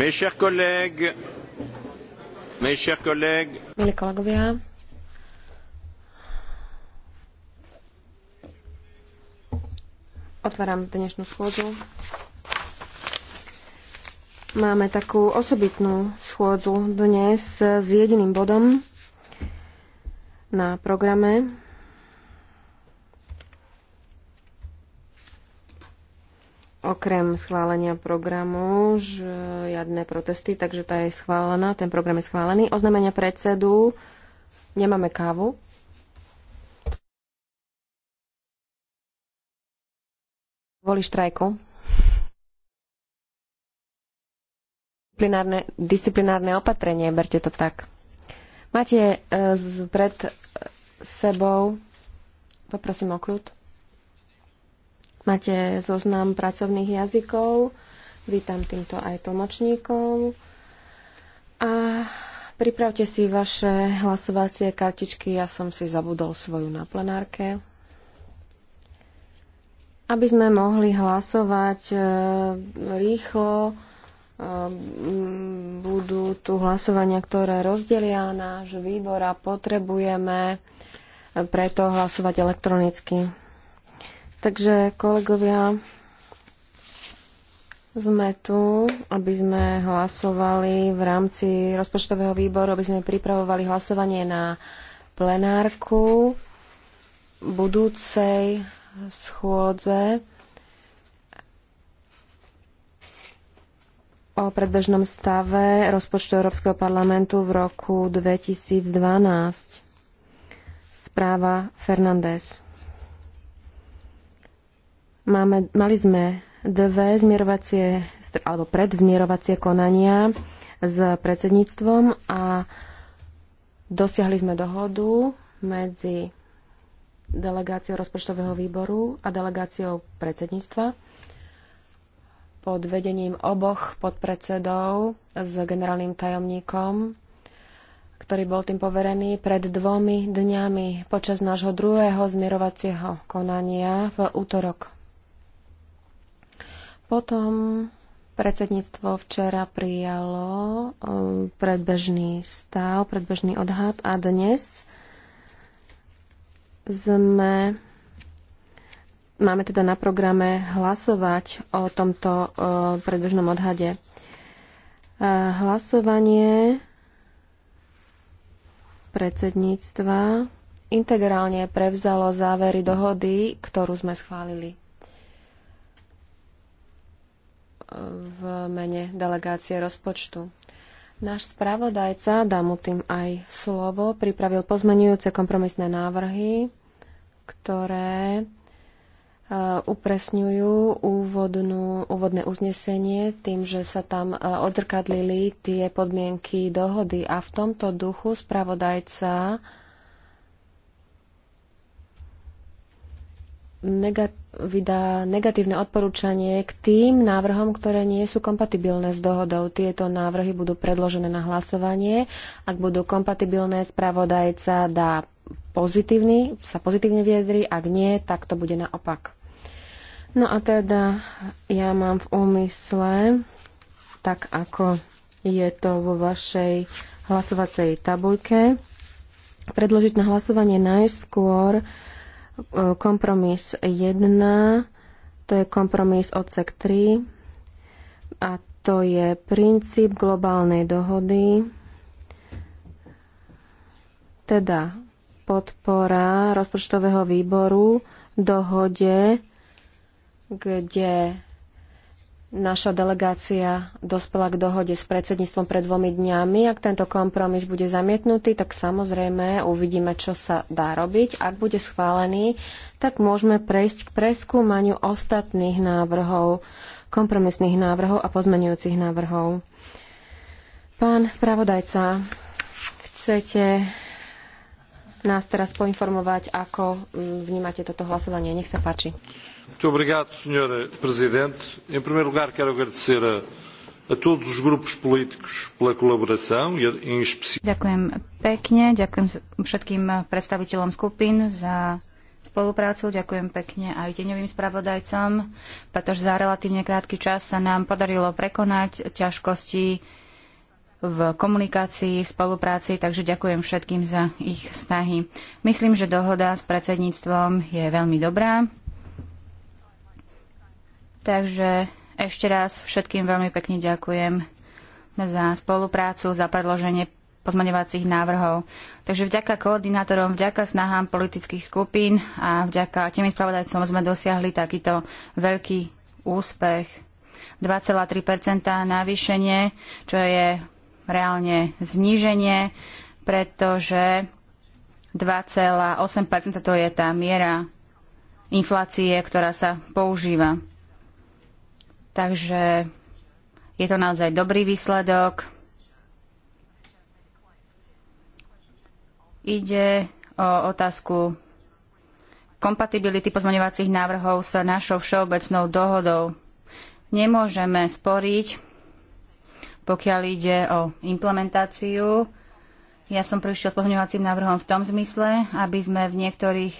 Mes chers collègues, mes chers collègues, Milí kolegovia, otváram dnešnú schôdzu. Máme takú osobitnú schôdzu dnes s jediným bodom na programe okrem schválenia programu žiadne protesty, takže tá je schválená, ten program je schválený. Oznamenia predsedu, nemáme kávu. Voli štrajku. Disciplinárne, disciplinárne opatrenie, berte to tak. Máte e, pred sebou, poprosím o kľud. Máte zoznam pracovných jazykov. Vítam týmto aj tlmočníkom. A pripravte si vaše hlasovacie kartičky. Ja som si zabudol svoju na plenárke. Aby sme mohli hlasovať e, rýchlo, e, budú tu hlasovania, ktoré rozdelia náš výbor a potrebujeme preto hlasovať elektronicky. Takže, kolegovia, sme tu, aby sme hlasovali v rámci rozpočtového výboru, aby sme pripravovali hlasovanie na plenárku budúcej schôdze o predbežnom stave rozpočtu Európskeho parlamentu v roku 2012. Správa Fernández. Máme, mali sme dve zmierovacie, alebo predzmierovacie konania s predsedníctvom a dosiahli sme dohodu medzi delegáciou rozpočtového výboru a delegáciou predsedníctva pod vedením oboch podpredsedov s generálnym tajomníkom, ktorý bol tým poverený pred dvomi dňami počas nášho druhého zmierovacieho konania v útorok potom predsedníctvo včera prijalo um, predbežný stav, predbežný odhad a dnes sme máme teda na programe hlasovať o tomto uh, predbežnom odhade. Uh, hlasovanie predsedníctva integrálne prevzalo závery dohody, ktorú sme schválili v mene delegácie rozpočtu. Náš spravodajca, dá mu tým aj slovo, pripravil pozmenujúce kompromisné návrhy, ktoré eh, upresňujú úvodnú, úvodné uznesenie tým, že sa tam eh, odrkadlili tie podmienky dohody. A v tomto duchu spravodajca uh, negat- vydá negatívne odporúčanie k tým návrhom, ktoré nie sú kompatibilné s dohodou. Tieto návrhy budú predložené na hlasovanie. Ak budú kompatibilné, spravodajca dá pozitívny, sa pozitívne viedri, ak nie, tak to bude naopak. No a teda ja mám v úmysle, tak ako je to vo vašej hlasovacej tabuľke, predložiť na hlasovanie najskôr Kompromis 1, to je kompromis odsek 3 a to je princíp globálnej dohody, teda podpora rozpočtového výboru dohode, kde Naša delegácia dospela k dohode s predsedníctvom pred dvomi dňami. Ak tento kompromis bude zamietnutý, tak samozrejme uvidíme, čo sa dá robiť. Ak bude schválený, tak môžeme prejsť k preskúmaniu ostatných návrhov, kompromisných návrhov a pozmenujúcich návrhov. Pán spravodajca, chcete nás teraz poinformovať, ako mm, vnímate toto hlasovanie. Nech sa páči. E ďakujem pekne, ďakujem všetkým predstaviteľom skupín za spoluprácu, ďakujem pekne aj deňovým spravodajcom, pretože za relatívne krátky čas sa nám podarilo prekonať ťažkosti v komunikácii, v spolupráci, takže ďakujem všetkým za ich snahy. Myslím, že dohoda s predsedníctvom je veľmi dobrá. Takže ešte raz všetkým veľmi pekne ďakujem za spoluprácu, za predloženie pozmaňovacích návrhov. Takže vďaka koordinátorom, vďaka snahám politických skupín a vďaka tým spravodajcom sme dosiahli takýto veľký úspech. 2,3 navýšenie, čo je reálne zníženie, pretože 2,8 to je tá miera inflácie, ktorá sa používa. Takže je to naozaj dobrý výsledok. Ide o otázku kompatibility pozmaňovacích návrhov s našou všeobecnou dohodou. Nemôžeme sporiť pokiaľ ide o implementáciu, ja som prišiel s pozmeňovacím návrhom v tom zmysle, aby sme v niektorých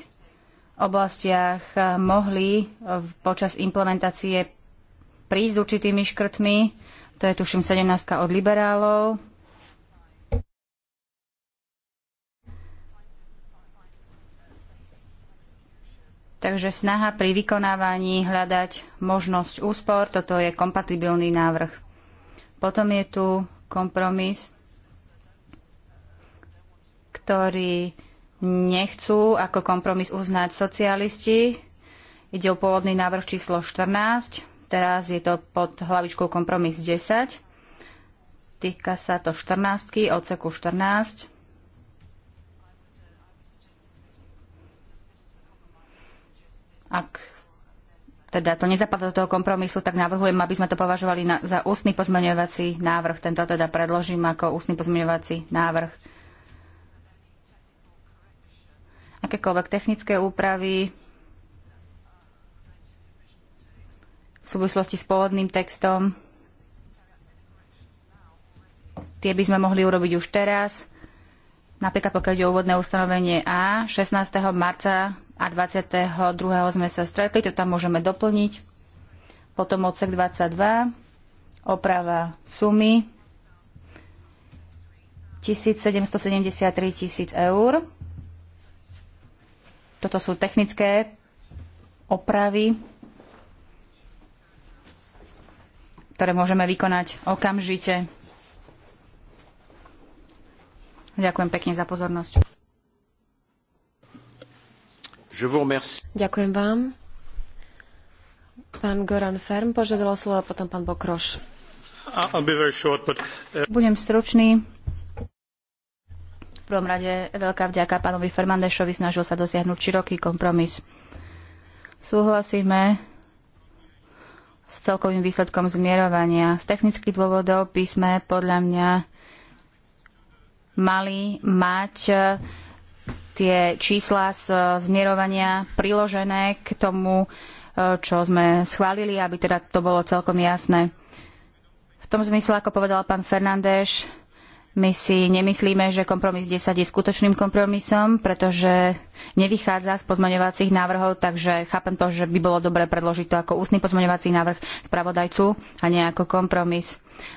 oblastiach eh, mohli eh, počas implementácie prísť s určitými škrtmi. To je tuším 17 od liberálov. Takže snaha pri vykonávaní hľadať možnosť úspor, toto je kompatibilný návrh. Potom je tu kompromis, ktorý nechcú ako kompromis uznať socialisti. Ide o pôvodný návrh číslo 14, teraz je to pod hlavičkou kompromis 10. Týka sa to 14, odseku 14. Ak teda to nezapadlo do toho kompromisu, tak navrhujem, aby sme to považovali na, za ústny pozmeňovací návrh. Tento teda predložím ako ústny pozmeňovací návrh. Akékoľvek technické úpravy v súvislosti s pôvodným textom, tie by sme mohli urobiť už teraz. Napríklad pokiaľ ide o úvodné ustanovenie A, 16. marca a 22. sme sa stretli, to tam môžeme doplniť. Potom odsek 22, oprava sumy 1773 tisíc eur. Toto sú technické opravy, ktoré môžeme vykonať okamžite. Ďakujem pekne za pozornosť. Ďakujem vám. Pán Goran Ferm požiadal slovo a potom pán Bokroš. Uh, Budem stručný. V prvom rade veľká vďaka pánovi Fernandešovi, snažil sa dosiahnuť široký kompromis. Súhlasíme s celkovým výsledkom zmierovania. Z technických dôvodov by sme podľa mňa mali mať tie čísla z e, zmierovania priložené k tomu, e, čo sme schválili, aby teda to bolo celkom jasné. V tom zmysle, ako povedal pán Fernández, my si nemyslíme, že kompromis 10 je skutočným kompromisom, pretože nevychádza z pozmeňovacích návrhov, takže chápem to, že by bolo dobre predložiť to ako ústny pozmeňovací návrh spravodajcu a nie ako kompromis.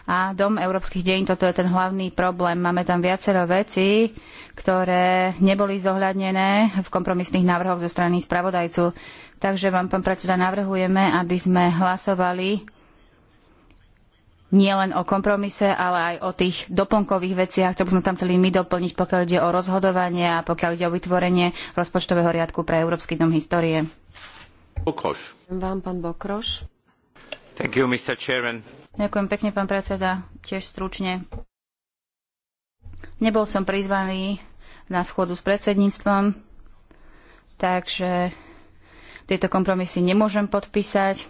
A Dom európskych dejín, toto je ten hlavný problém. Máme tam viacero vecí, ktoré neboli zohľadnené v kompromisných návrhoch zo strany spravodajcu. Takže vám, pán predseda, navrhujeme, aby sme hlasovali nielen o kompromise, ale aj o tých doplnkových veciach, ktoré by sme tam chceli my doplniť, pokiaľ ide o rozhodovanie a pokiaľ ide o vytvorenie rozpočtového riadku pre Európsky dom histórie. Bokroš. Vám, pán Bokroš. You, Ďakujem pekne, pán predseda, tiež stručne. Nebol som prizvaný na schodu s predsedníctvom, takže tieto kompromisy nemôžem podpísať.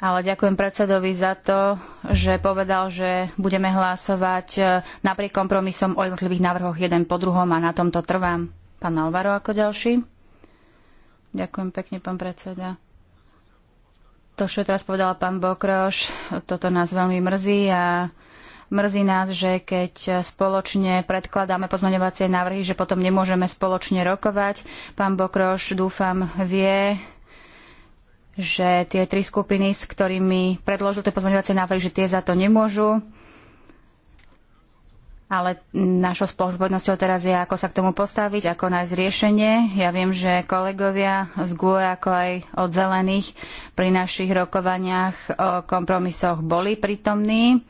Ale ďakujem predsedovi za to, že povedal, že budeme hlasovať e, napriek kompromisom o jednotlivých návrhoch jeden po druhom a na tomto trvám. Pán Alvaro ako ďalší. Ďakujem pekne, pán predseda. To, čo teraz povedala pán Bokroš, toto nás veľmi mrzí a mrzí nás, že keď spoločne predkladáme pozmaňovacie návrhy, že potom nemôžeme spoločne rokovať. Pán Bokroš, dúfam, vie, že tie tri skupiny, s ktorými predložil tie pozmaňovacie návrhy, že tie za to nemôžu ale našou spoločnosťou teraz je, ako sa k tomu postaviť, ako nájsť riešenie. Ja viem, že kolegovia z GUE, ako aj od zelených, pri našich rokovaniach o kompromisoch boli prítomní.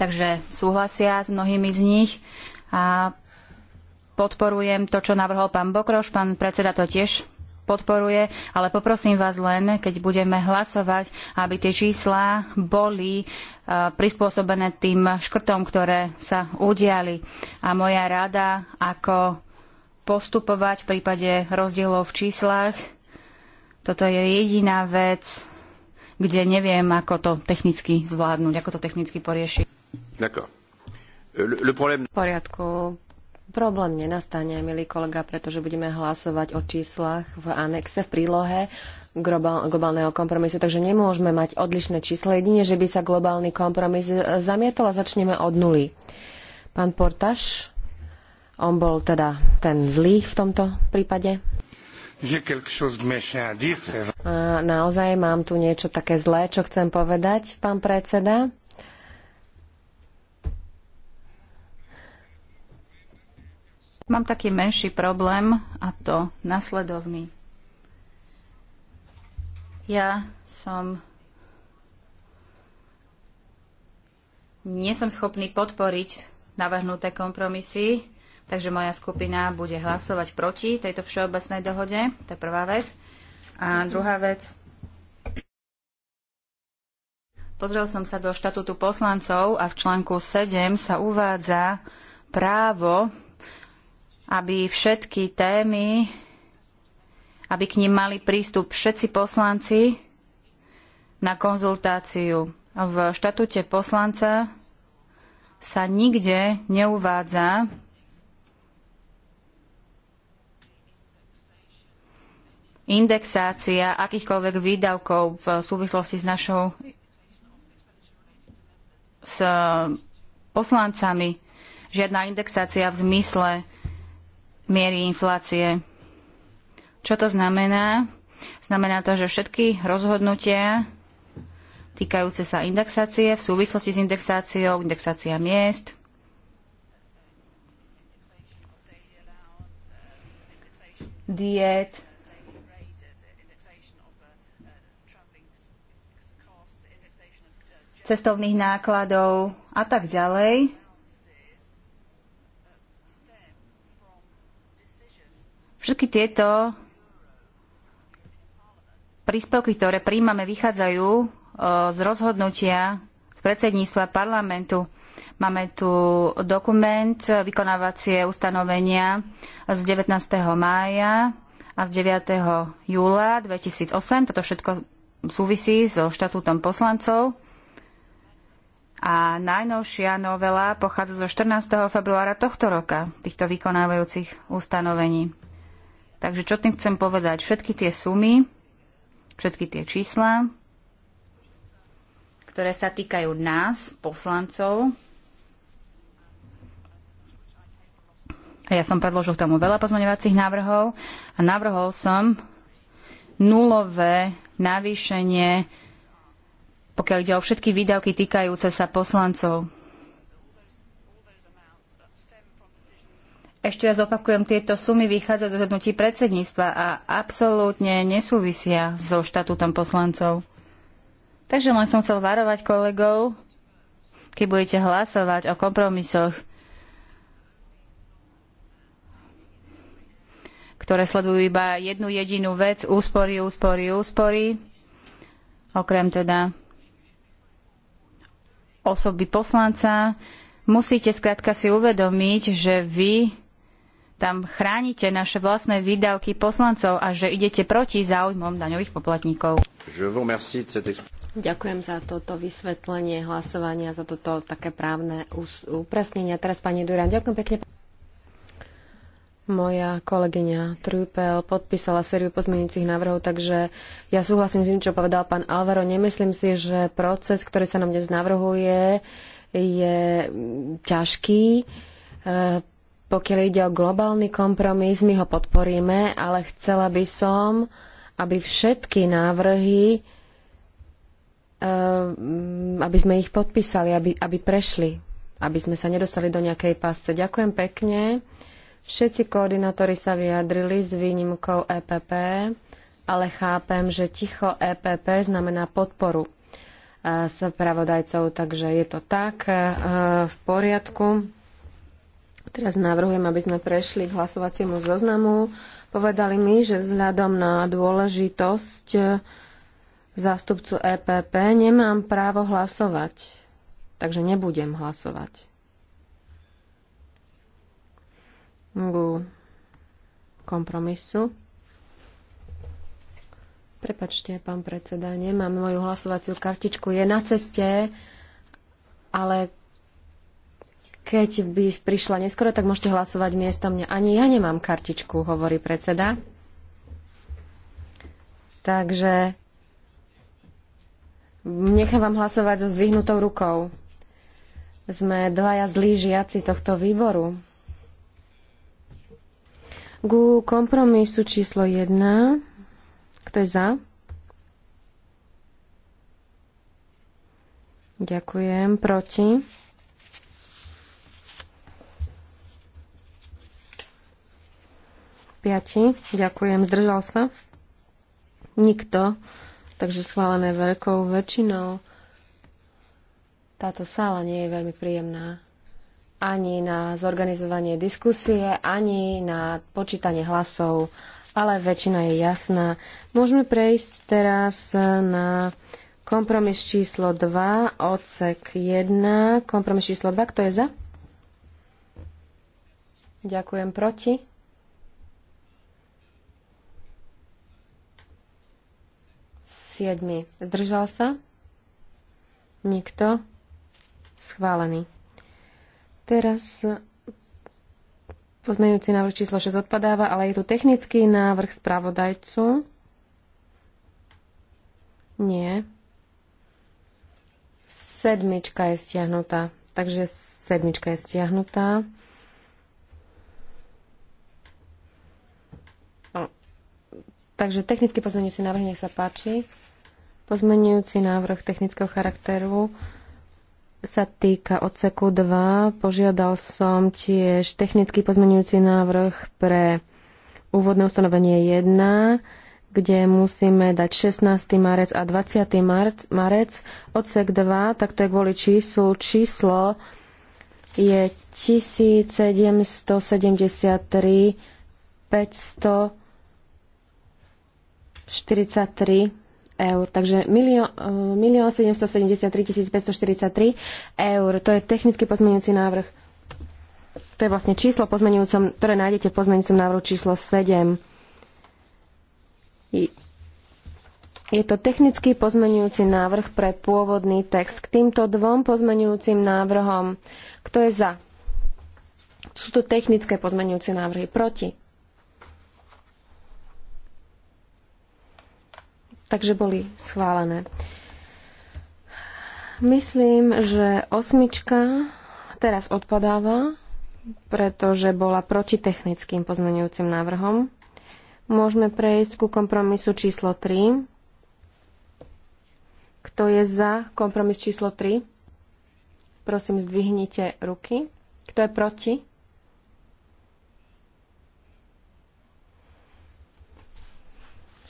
Takže súhlasia s mnohými z nich a podporujem to, čo navrhol pán Bokroš. Pán predseda to tiež podporuje, ale poprosím vás len, keď budeme hlasovať, aby tie čísla boli e, prispôsobené tým škrtom, ktoré sa udiali. A moja rada, ako postupovať v prípade rozdielov v číslach, toto je jediná vec, kde neviem, ako to technicky zvládnuť, ako to technicky poriešiť. V poriadku problém nenastane, milý kolega, pretože budeme hlasovať o číslach v anexe, v prílohe globálneho kompromisu, takže nemôžeme mať odlišné čísla. Jedine, že by sa globálny kompromis zamietol a začneme od nuly. Pán Portaš, on bol teda ten zlý v tomto prípade. naozaj mám tu niečo také zlé, čo chcem povedať, pán predseda. Mám taký menší problém a to nasledovný. Ja som nie som schopný podporiť navrhnuté kompromisy, takže moja skupina bude hlasovať proti tejto všeobecnej dohode. To je prvá vec. A druhá vec. Pozrel som sa do štatútu poslancov a v článku 7 sa uvádza právo aby všetky témy, aby k ním mali prístup všetci poslanci na konzultáciu. V štatúte poslanca sa nikde neuvádza, indexácia akýchkoľvek výdavkov v súvislosti s našou s poslancami. Žiadna indexácia v zmysle miery inflácie. Čo to znamená? Znamená to, že všetky rozhodnutia týkajúce sa indexácie v súvislosti s indexáciou, indexácia miest, diet, cestovných nákladov a tak ďalej Všetky tieto príspevky, ktoré príjmame, vychádzajú e, z rozhodnutia z predsedníctva parlamentu. Máme tu dokument, e, vykonávacie ustanovenia z 19. mája a z 9. júla 2008. Toto všetko súvisí so štatútom poslancov. A najnovšia novela pochádza zo 14. februára tohto roka, týchto vykonávajúcich ustanovení. Takže čo tým chcem povedať? Všetky tie sumy, všetky tie čísla, ktoré sa týkajú nás, poslancov, a ja som predložil k tomu veľa pozmeňovacích návrhov a navrhol som nulové navýšenie, pokiaľ ide o všetky výdavky týkajúce sa poslancov. Ešte raz opakujem, tieto sumy vychádzajú z rozhodnutí predsedníctva a absolútne nesúvisia so štatútom poslancov. Takže len som chcel varovať kolegov, keď budete hlasovať o kompromisoch, ktoré sledujú iba jednu jedinú vec, úspory, úspory, úspory, okrem teda osoby poslanca, musíte skrátka si uvedomiť, že vy tam chránite naše vlastné výdavky poslancov a že idete proti záujmom daňových poplatníkov. Ďakujem za toto vysvetlenie hlasovania, za toto také právne upresnenie. Teraz pani Durán, ďakujem pekne. Moja kolegyňa Trupel podpísala sériu pozmeňujúcich návrhov, takže ja súhlasím s tým, čo povedal pán Alvaro. Nemyslím si, že proces, ktorý sa nám dnes navrhuje, je mm, ťažký e, pokiaľ ide o globálny kompromis, my ho podporíme, ale chcela by som, aby všetky návrhy, ehm, aby sme ich podpísali, aby, aby prešli, aby sme sa nedostali do nejakej pásce. Ďakujem pekne. Všetci koordinátori sa vyjadrili s výnimkou EPP, ale chápem, že ticho EPP znamená podporu eh, spravodajcov, takže je to tak eh, v poriadku. Teraz navrhujem, aby sme prešli k hlasovaciemu zoznamu. Povedali mi, že vzhľadom na dôležitosť e, zástupcu EPP nemám právo hlasovať, takže nebudem hlasovať. Ku kompromisu. Prepačte, pán predseda, nemám moju hlasovaciu kartičku. Je na ceste, ale keď by prišla neskoro, tak môžete hlasovať miesto mňa. Ani ja nemám kartičku, hovorí predseda. Takže nechám vám hlasovať so zdvihnutou rukou. Sme dvaja zlí žiaci tohto výboru. Ku kompromisu číslo 1. Kto je za? Ďakujem. Proti? Piati. Ďakujem. Zdržal sa? Nikto. Takže schválené veľkou väčšinou. Táto sála nie je veľmi príjemná ani na zorganizovanie diskusie, ani na počítanie hlasov, ale väčšina je jasná. Môžeme prejsť teraz na kompromis číslo 2, odsek 1. Kompromis číslo 2, kto je za? Ďakujem proti. 7. Zdržal sa? Nikto? Schválený. Teraz pozmeňujúci návrh číslo 6 odpadáva, ale je tu technický návrh spravodajcu. Nie. Sedmička je stiahnutá. Takže sedmička je stiahnutá. Takže technicky pozmeňujúci návrh, nech sa páči. Pozmenujúci návrh technického charakteru sa týka odseku 2. Požiadal som tiež technický pozmenujúci návrh pre úvodné ustanovenie 1, kde musíme dať 16. marec a 20. Marc, marec. Odsek 2, tak to je kvôli číslu. Číslo je 1773 543 eur. Takže 1 773 543 eur. To je technický pozmeňujúci návrh. To je vlastne číslo, pozmenujúcom, ktoré nájdete v pozmeňujúcom návrhu číslo 7. Je to technický pozmenujúci návrh pre pôvodný text. K týmto dvom pozmenujúcim návrhom, kto je za? Sú to technické pozmenujúce návrhy. Proti? Takže boli schválené. Myslím, že osmička teraz odpadáva, pretože bola proti technickým pozmenujúcim návrhom. Môžeme prejsť ku kompromisu číslo 3. Kto je za kompromis číslo 3? Prosím, zdvihnite ruky. Kto je proti?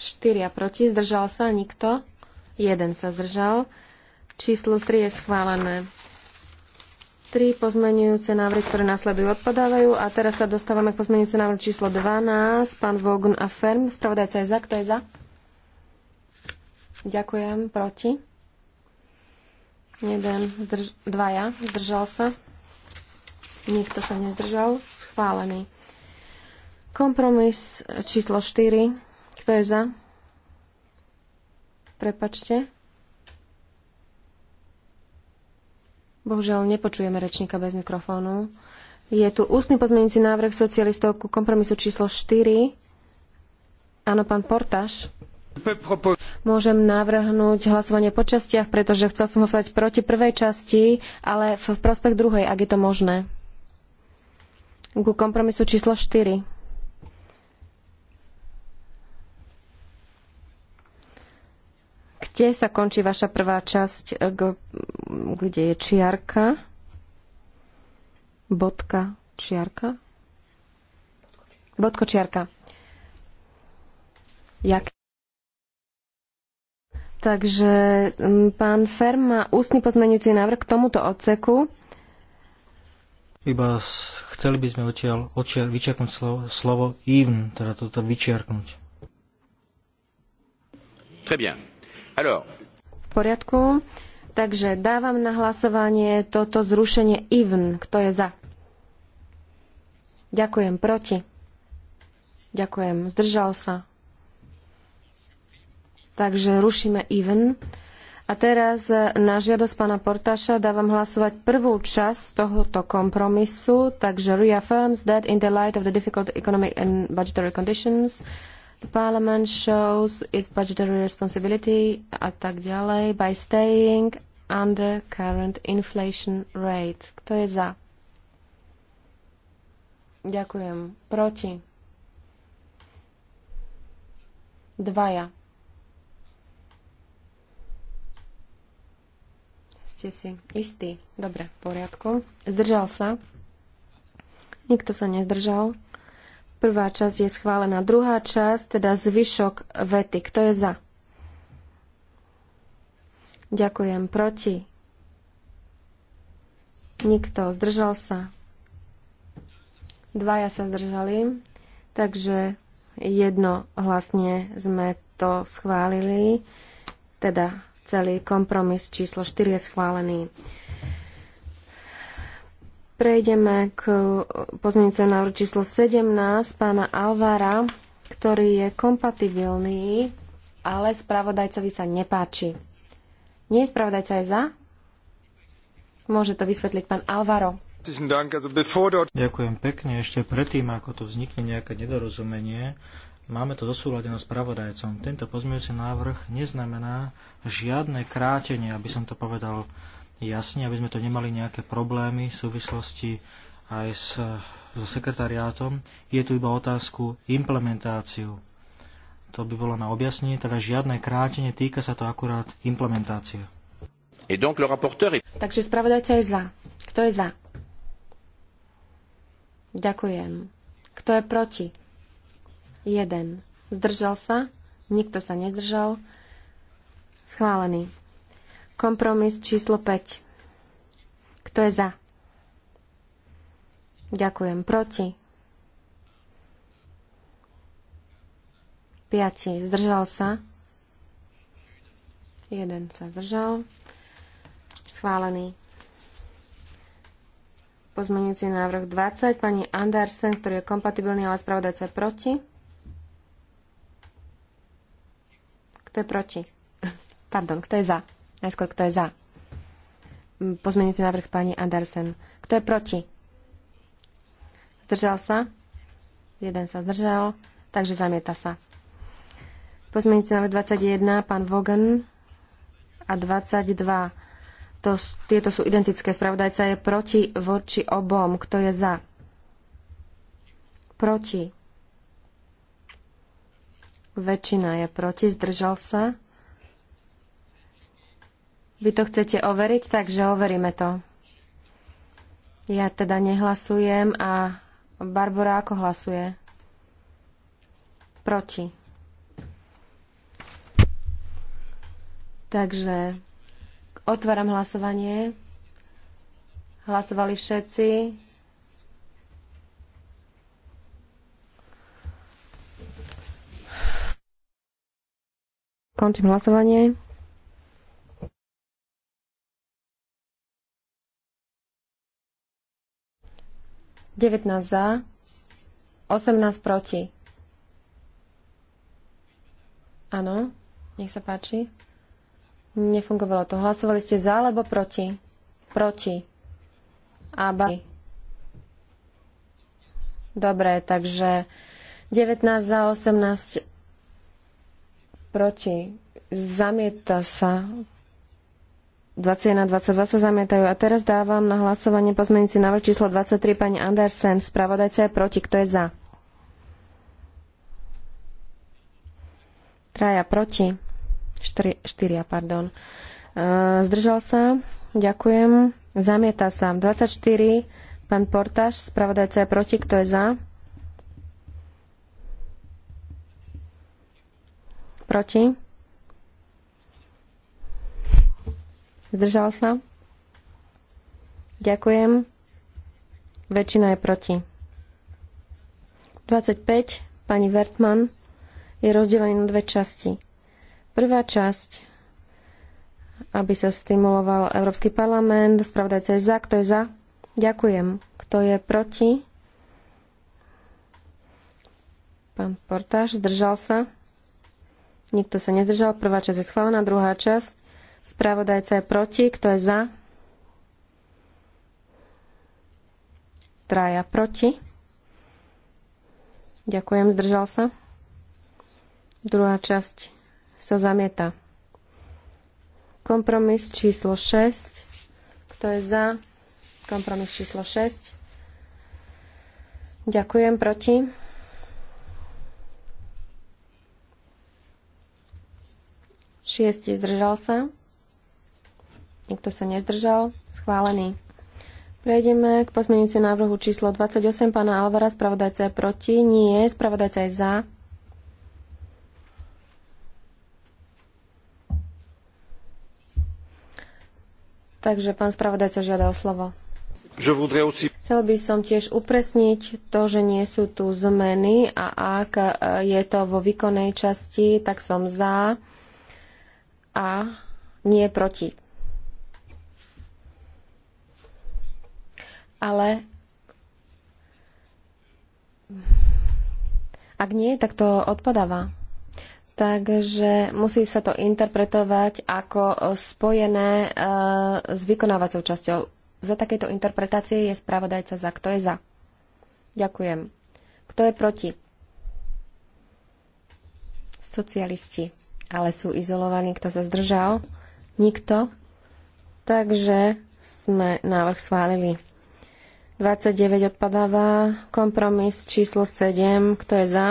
4 proti, zdržal sa nikto, 1 sa zdržal. Číslo 3 je schválené. 3 pozmenujúce návrhy, ktoré následujú, odpadávajú. A teraz sa dostávame k pozmenujúce návrhu číslo 12. Pán Vogun a Ferm. Spravodajca je za. Kto je za? Ďakujem. Proti? 1. 2 ja. Zdržal sa. Nikto sa nezdržal. Schválený. Kompromis číslo 4. Kto je za? Prepačte. Bohužiaľ, nepočujeme rečníka bez mikrofónu. Je tu ústny pozmeňujúci návrh socialistov ku kompromisu číslo 4. Áno, pán Portaš. Môžem navrhnúť hlasovanie po častiach, pretože chcel som hlasovať proti prvej časti, ale v prospech druhej, ak je to možné. Ku kompromisu číslo 4. ste sa končí vaša prvá časť, eh, kde je čiarka, bodka, čiarka, bodko, čiarka. Jak? Takže mm, pán Ferm má ústny pozmeňujúci návrh k tomuto odseku. Iba chceli by sme odtiaľ vyčiarknúť slovo, slovo even, teda toto vyčiarknúť. Très bien poriadku. Takže dávam na hlasovanie toto zrušenie even. Kto je za? Ďakujem. Proti? Ďakujem. Zdržal sa. Takže rušíme even. A teraz na žiadosť pána Portaša dávam hlasovať prvú časť tohoto kompromisu, takže reaffirms that in the light of the difficult economic and budgetary conditions The parliament shows its budgetary responsibility a tak ďalej by staying under current inflation rate. Kto je za? Ďakujem. Proti? Dvaja. Ste si istí? Dobre, v poriadku. Zdržal sa? Nikto sa nezdržal. Prvá časť je schválená. Druhá časť, teda zvyšok vety. Kto je za? Ďakujem. Proti? Nikto. Zdržal sa? Dvaja sa zdržali. Takže jednohlasne sme to schválili. Teda celý kompromis číslo 4 je schválený. Prejdeme k pozmeňujúcemu návrhu číslo 17 pána Alvara, ktorý je kompatibilný, ale spravodajcovi sa nepáči. Nie, je spravodajca aj za? Môže to vysvetliť pán Alvaro. Ďakujem pekne. Ešte predtým, ako tu vznikne nejaké nedorozumenie, máme to zosúladené spravodajcom. Tento pozmeňujúci návrh neznamená žiadne krátenie, aby som to povedal jasne, aby sme to nemali nejaké problémy v súvislosti aj s, so sekretariátom. Je tu iba otázku implementáciu. To by bolo na objasnenie, teda žiadne krátenie, týka sa to akurát implementácie. Et donc, le rapporteur... Takže spravodajca je za. Kto je za? Ďakujem. Kto je proti? Jeden. Zdržal sa? Nikto sa nezdržal. Schválený. Kompromis číslo 5. Kto je za? Ďakujem. Proti? 5. Zdržal sa? 1 sa zdržal. Schválený. Pozmenujúci návrh 20. Pani Andersen, ktorý je kompatibilný, ale spravodajca proti. Kto je proti? Pardon, kto je za? Najskôr, kto je za? Pozmeňujúci návrh pani Andersen. Kto je proti? Zdržal sa? Jeden sa zdržal, takže zamieta sa. Pozmeňujúci návrh 21, pán Vogan a 22. To, tieto sú identické. Spravodajca je proti voči obom. Kto je za? Proti. Väčšina je proti. Zdržal sa? Vy to chcete overiť, takže overíme to. Ja teda nehlasujem a Barbara ako hlasuje? Proti. Takže otváram hlasovanie. Hlasovali všetci. Končím hlasovanie. 19 za, 18 proti. Áno, nech sa páči. Nefungovalo to. Hlasovali ste za alebo proti? Proti. A ba. Dobre, takže 19 za 18 proti. Zamieta sa 21 a 22 sa zamietajú. A teraz dávam na hlasovanie pozmeňujúci návrh číslo 23 pani Andersen. Spravodajca je proti. Kto je za? Traja proti. 4, 4 pardon. zdržal sa. Ďakujem. Zamieta sa. 24. Pán Portáš, spravodajca je proti. Kto je za? Proti. Zdržal sa? Ďakujem. Väčšina je proti. 25. Pani Vertman je rozdelený na dve časti. Prvá časť, aby sa stimuloval Európsky parlament, spravodajca je za, kto je za? Ďakujem. Kto je proti? Pán Portáš, zdržal sa? Nikto sa nezdržal. Prvá časť je schválená, druhá časť Spravodajca je proti. Kto je za? Traja proti. Ďakujem, zdržal sa. Druhá časť sa zamieta. Kompromis číslo 6. Kto je za? Kompromis číslo 6. Ďakujem, proti. Šiesti zdržal sa. Nikto sa nezdržal? Schválený. Prejdeme k pozmeňujúcemu návrhu číslo 28 pána Alvara. Spravodajca je proti. Nie. Spravodajca je za. Takže pán spravodajca žiada o slovo. Chcel by som tiež upresniť to, že nie sú tu zmeny a ak e, je to vo výkonnej časti, tak som za a nie proti. ale ak nie, tak to odpadáva. Takže musí sa to interpretovať ako spojené e, s vykonávacou časťou. Za takéto interpretácie je spravodajca za. Kto je za? Ďakujem. Kto je proti? Socialisti. Ale sú izolovaní. Kto sa zdržal? Nikto. Takže sme návrh schválili. 29 odpadáva. Kompromis číslo 7. Kto je za?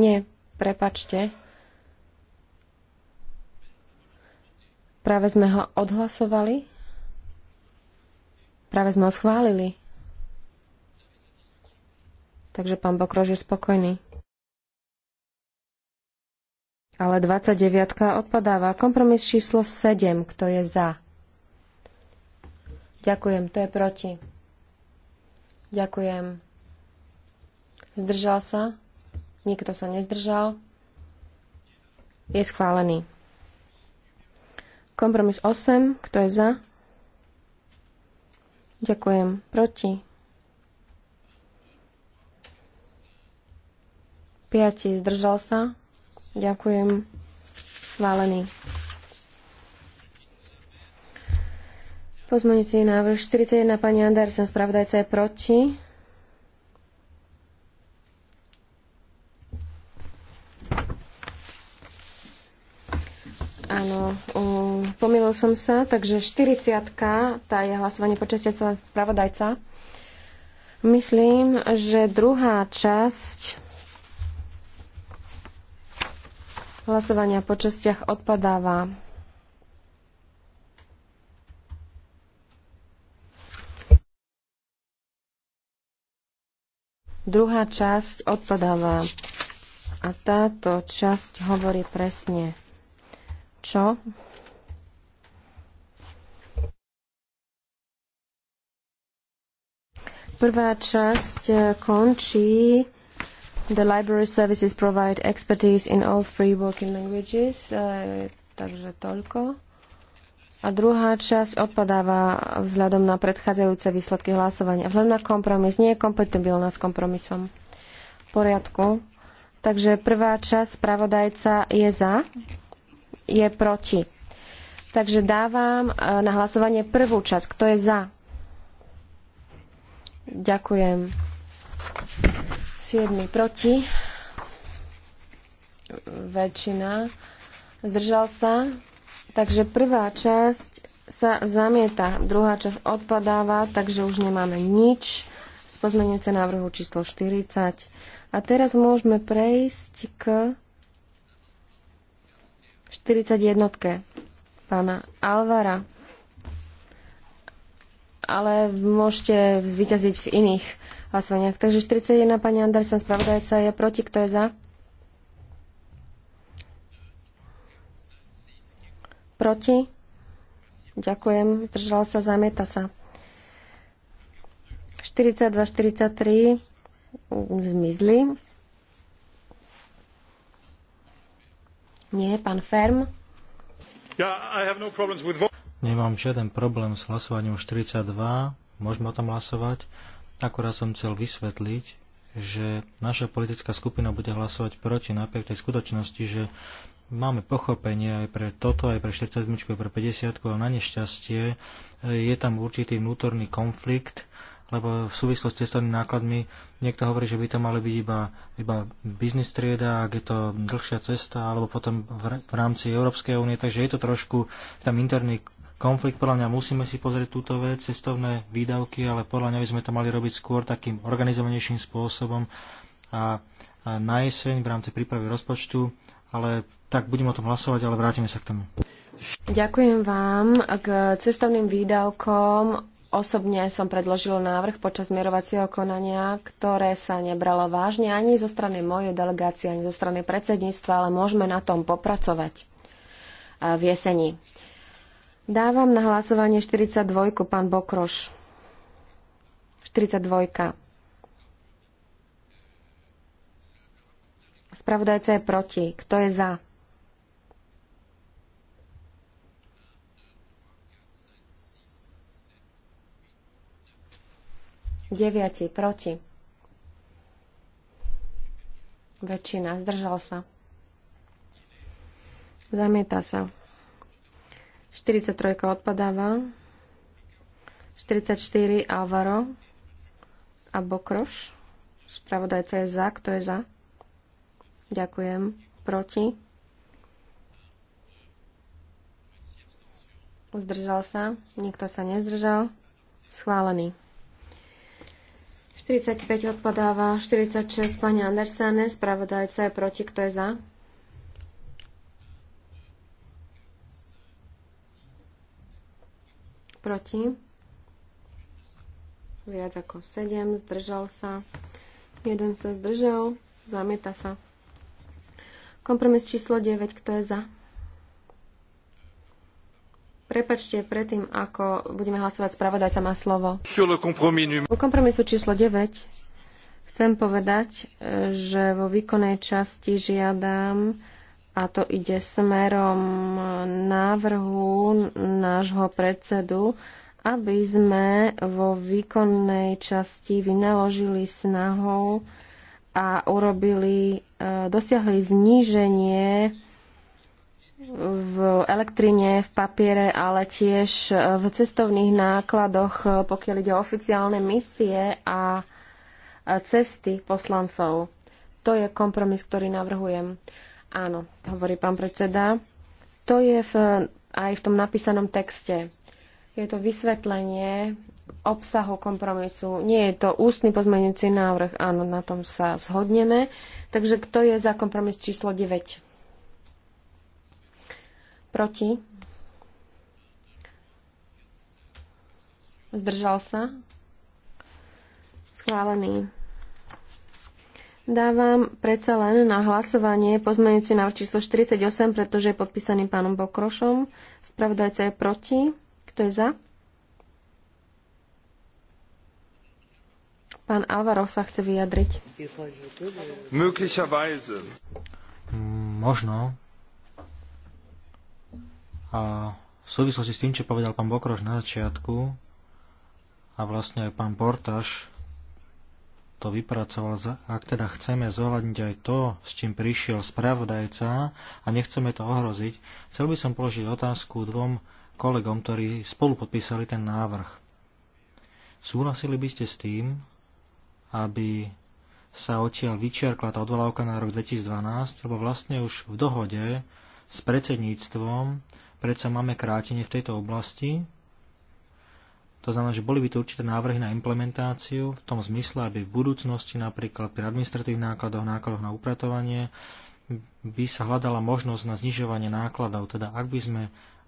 Nie, prepačte. Práve sme ho odhlasovali. Práve sme ho schválili. Takže pán Bokrož je spokojný. Ale 29 odpadáva. Kompromis číslo 7. Kto je za? Ďakujem, to je proti. Ďakujem. Zdržal sa? Nikto sa nezdržal. Je schválený. Kompromis 8. Kto je za? Ďakujem. Proti? 5. Zdržal sa? Ďakujem. Schválený. Pozmeňujúci návrh 41 pani Andersen, spravodajca je proti. Áno, pomýlil som sa, takže 40 tá je hlasovanie počastia spravodajca. Myslím, že druhá časť hlasovania po častiach odpadáva. Druhá časť odpadáva. A táto časť hovorí presne, čo Prvá časť eh, končí The library services provide expertise in all free working languages. Uh, takže toľko. A druhá časť odpadáva vzhľadom na predchádzajúce výsledky hlasovania. Vzhľadom na kompromis nie je kompatibilná s kompromisom. V poriadku. Takže prvá časť spravodajca je za, je proti. Takže dávam e, na hlasovanie prvú časť. Kto je za? Ďakujem. Siedmi proti. Väčšina. Zdržal sa. Takže prvá časť sa zamieta, druhá časť odpadáva, takže už nemáme nič z pozmenujúce návrhu číslo 40. A teraz môžeme prejsť k 41. pána Alvara. Ale môžete zvyťaziť v iných hlasovaniach. Takže 41. pani Andersen, spravodajca, je proti. Kto je za? Proti? Ďakujem. Zdržal sa, zamieta sa. 42, 43 zmizli. Nie, pán Ferm. Yeah, I have no problems with... Nemám žiaden problém s hlasovaním 42, môžeme o tom hlasovať. Akurát som chcel vysvetliť, že naša politická skupina bude hlasovať proti napriek tej skutočnosti, že máme pochopenie aj pre toto, aj pre 47, aj pre 50, ale na nešťastie e, je tam určitý vnútorný konflikt, lebo v súvislosti s cestovnými nákladmi niekto hovorí, že by to mali byť iba, iba biznis trieda, ak je to dlhšia cesta, alebo potom v rámci Európskej únie, takže je to trošku tam interný konflikt. Podľa mňa musíme si pozrieť túto vec, cestovné výdavky, ale podľa mňa by sme to mali robiť skôr takým organizovanejším spôsobom a, a na jeseň v rámci prípravy rozpočtu ale tak budem o tom hlasovať, ale vrátime sa k tomu. Ďakujem vám. K cestovným výdavkom osobne som predložil návrh počas mierovacieho konania, ktoré sa nebralo vážne ani zo strany mojej delegácie, ani zo strany predsedníctva, ale môžeme na tom popracovať e, v jeseni. Dávam na hlasovanie 42, pán Bokroš. 42. Spravodajca je proti. Kto je za? Deviati proti. Väčšina. Zdržal sa. Zamieta sa. 43 odpadáva. 44 Alvaro a Bokroš. Spravodajca je za. Kto je za? Ďakujem. Proti? Zdržal sa? Nikto sa nezdržal? Schválený. 45 odpadáva, 46 pani Andersene, spravodajca je proti, kto je za? Proti. Viac ako 7, zdržal sa. 1 sa zdržal, zamieta sa. Kompromis číslo 9, kto je za? Prepačte, predtým, ako budeme hlasovať, spravodajca má slovo. U kompromisu číslo 9 chcem povedať, e, že vo výkonnej časti žiadam, a to ide smerom návrhu nášho predsedu, aby sme vo výkonnej časti vynaložili snahou a urobili, e, dosiahli zníženie v elektrine, v papiere, ale tiež e, v cestovných nákladoch, e, pokiaľ ide o oficiálne misie a cesty poslancov. To je kompromis, ktorý navrhujem. Áno, hovorí pán predseda. To je v, aj v tom napísanom texte. Je to vysvetlenie obsahu kompromisu. Nie je to ústny pozmeňujúci návrh, áno, na tom sa zhodneme. Takže kto je za kompromis číslo 9? Proti? Zdržal sa? Schválený. Dávam predsa len na hlasovanie pozmeňujúci návrh číslo 48, pretože je podpísaný pánom Bokrošom. Spravodajca je proti. Kto je za? Pán Alvarov sa chce vyjadriť. Možno. A v súvislosti s tým, čo povedal pán Bokroš na začiatku a vlastne aj pán Portaš to vypracoval, ak teda chceme zohľadniť aj to, s čím prišiel spravodajca a nechceme to ohroziť, chcel by som položiť otázku dvom kolegom, ktorí spolu podpísali ten návrh. Súhlasili by ste s tým, aby sa odtiaľ vyčerkla tá odvolávka na rok 2012, lebo vlastne už v dohode s predsedníctvom predsa máme krátenie v tejto oblasti. To znamená, že boli by tu určité návrhy na implementáciu v tom zmysle, aby v budúcnosti napríklad pri administratívnych nákladoch, nákladoch na upratovanie by sa hľadala možnosť na znižovanie nákladov. Teda ak by sme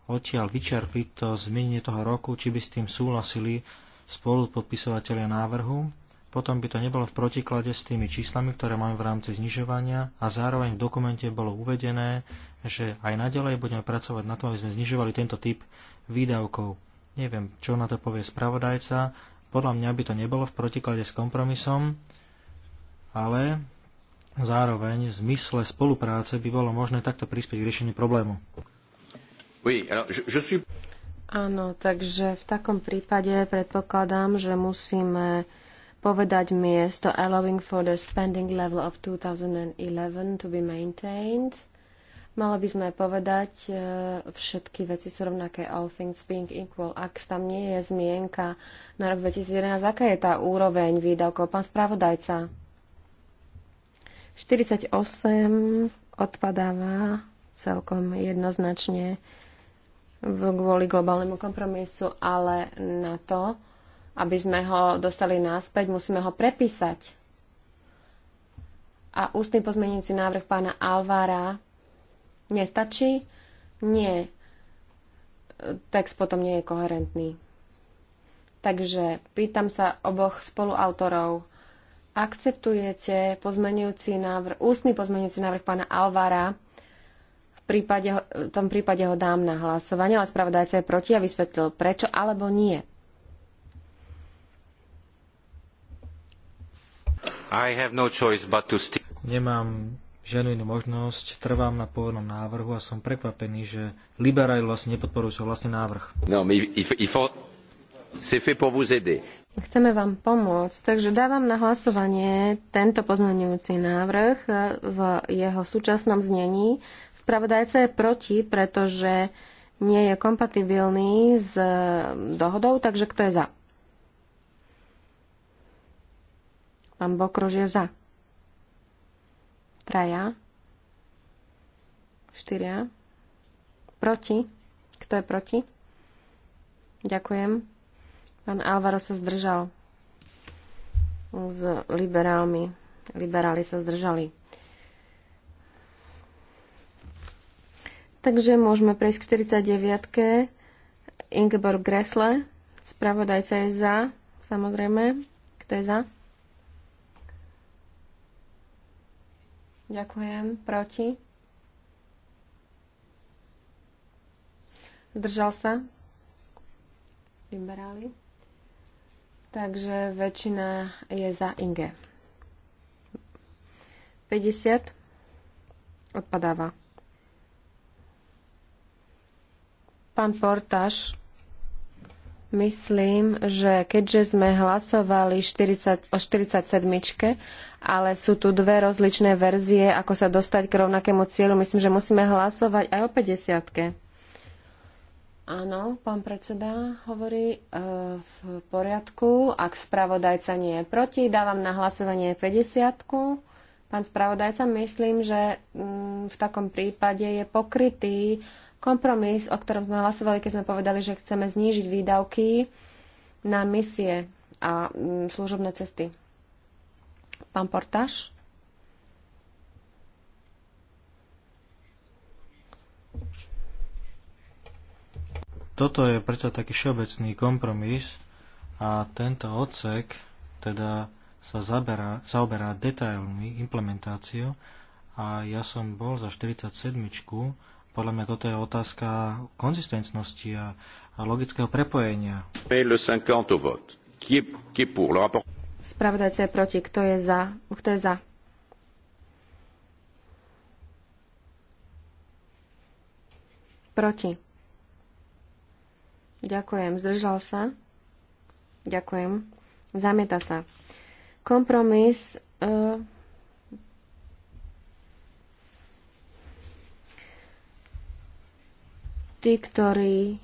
odtiaľ vyčerpiť to zmenenie toho roku, či by s tým súhlasili spolupodpisovateľia návrhu. Potom by to nebolo v protiklade s tými číslami, ktoré máme v rámci znižovania a zároveň v dokumente bolo uvedené, že aj naďalej budeme pracovať na tom, aby sme znižovali tento typ výdavkov. Neviem, čo na to povie spravodajca. Podľa mňa by to nebolo v protiklade s kompromisom, ale zároveň v zmysle spolupráce by bolo možné takto prispieť k riešeniu problému. Áno, takže v takom prípade predpokladám, že musíme povedať miesto allowing for the spending level of 2011 to be maintained. Mali by sme povedať, e, všetky veci sú rovnaké, all things being equal. Ak tam nie je zmienka na rok 2011, aká je tá úroveň výdavkov? Pán spravodajca. 48 odpadáva celkom jednoznačne. V kvôli globálnemu kompromisu, ale na to, aby sme ho dostali náspäť, musíme ho prepísať. A ústny pozmenujúci návrh pána Alvára nestačí? Nie. Text potom nie je koherentný. Takže pýtam sa oboch spoluautorov, akceptujete pozmenujúci návrh, ústny pozmenujúci návrh pána Alvára prípade, v tom prípade ho dám na hlasovanie, ale spravodajca je proti a vysvetlil prečo alebo nie. I have no choice but to stick. Nemám žiadnu inú možnosť, trvám na pôvodnom návrhu a som prekvapený, že liberáli vlastne nepodporujú svoj vlastný návrh. No, mais il faut... C'est fait pour vous aider. Chceme vám pomôcť, takže dávam na hlasovanie tento pozmeňujúci návrh e, v jeho súčasnom znení. Spravodajca je proti, pretože nie je kompatibilný s e, dohodou, takže kto je za? Pán Bokrož je za. Traja. Štyria. Proti. Kto je proti? Ďakujem. Pán Álvaro sa zdržal s liberálmi. Liberáli sa zdržali. Takže môžeme prejsť k 49. Ingeborg Gressle. Spravodajca je za, samozrejme. Kto je za? Ďakujem. Proti? Zdržal sa? Liberáli. Takže väčšina je za Inge. 50 odpadáva. Pán Portáš, myslím, že keďže sme hlasovali 40, o 47, ale sú tu dve rozličné verzie, ako sa dostať k rovnakému cieľu, myslím, že musíme hlasovať aj o 50. Áno, pán predseda hovorí e, v poriadku. Ak spravodajca nie je proti, dávam na hlasovanie 50. -ku. Pán spravodajca, myslím, že m, mm, v takom prípade je pokrytý kompromis, o ktorom sme hlasovali, keď sme povedali, že chceme znížiť výdavky na misie a mm, služobné cesty. Pán Portáš? Toto je predsa taký všeobecný kompromis a tento odsek teda sa zaberá, zaoberá detailmi implementáciou a ja som bol za 47. Podľa mňa toto je otázka konzistentnosti a, a logického prepojenia. Spravodajca je proti. Kto je za? Kto je za? Proti. Ďakujem. Zdržal sa? Ďakujem. Zamieta sa. Kompromis. Uh, tí, ktorí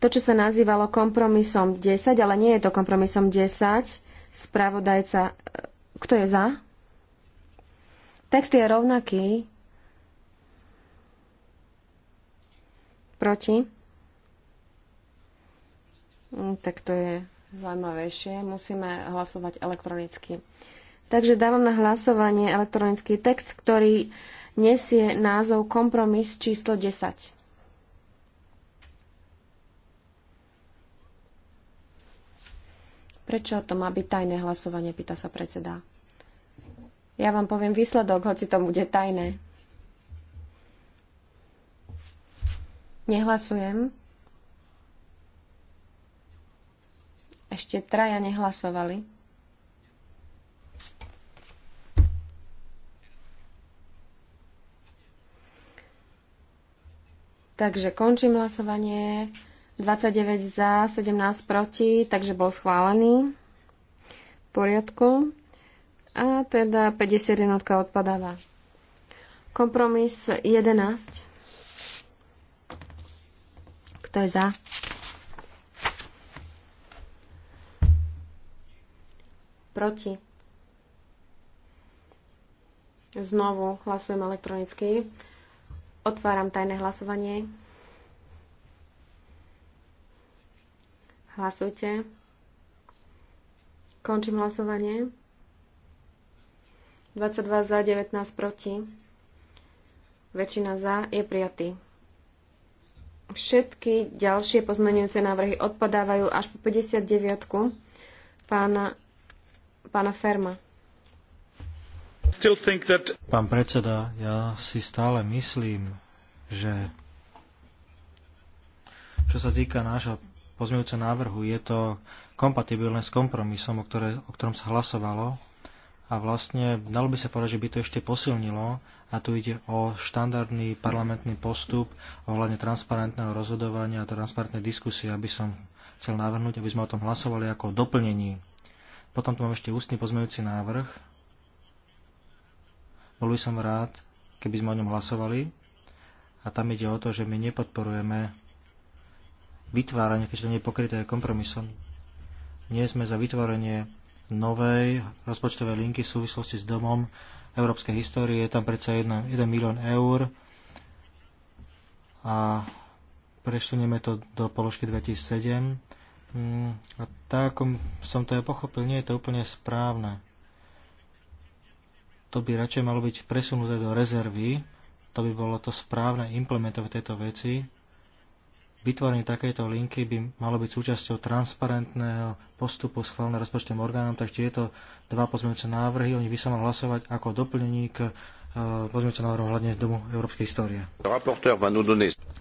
to, čo sa nazývalo kompromisom 10, ale nie je to kompromisom 10, spravodajca, e, kto je za? Text je rovnaký. Proti? Hm, tak to je zaujímavejšie. Musíme hlasovať elektronicky. Takže dávam na hlasovanie elektronický text, ktorý nesie názov kompromis číslo 10. Prečo to má byť tajné hlasovanie, pýta sa predseda. Ja vám poviem výsledok, hoci to bude tajné. Nehlasujem. Ešte traja nehlasovali. Takže končím hlasovanie. 29 za, 17 proti, takže bol schválený. V poriadku. A teda 51 odpadáva. Kompromis 11. Kto je za? Proti. Znovu hlasujem elektronicky. Otváram tajné hlasovanie. Hlasujte. Končím hlasovanie. 22 za, 19 proti. Väčšina za je prijatý. Všetky ďalšie pozmenujúce návrhy odpadávajú až po 59. Pán Pán predseda, ja si stále myslím, že čo sa týka nášho pozmeňujúceho návrhu, je to kompatibilné s kompromisom, o, ktoré, o ktorom sa hlasovalo a vlastne dalo by sa povedať, že by to ešte posilnilo a tu ide o štandardný parlamentný postup ohľadne transparentného rozhodovania a transparentnej diskusie, aby som chcel navrhnúť, aby sme o tom hlasovali ako o doplnení. Potom tu mám ešte ústny pozmejúci návrh. Bol by som rád, keby sme o ňom hlasovali. A tam ide o to, že my nepodporujeme vytváranie, keďže to nie je pokryté kompromisom. Nie sme za vytvorenie novej rozpočtovej linky v súvislosti s domom európskej histórie. Je tam predsa 1, 1 milión eur a prešlenieme to do položky 2007 Mm, a tak, ako um, som to ja pochopil, nie je to úplne správne. To by radšej malo byť presunuté do rezervy, to by bolo to správne implementovať tieto veci. Vytvorenie takejto linky by malo byť súčasťou transparentného postupu schválené rozpočtovým orgánom, takže tieto dva pozmeňujúce návrhy, oni by sa mali hlasovať ako doplnení k e, pozmeňujúce návrhu hľadne Domu európskej histórie.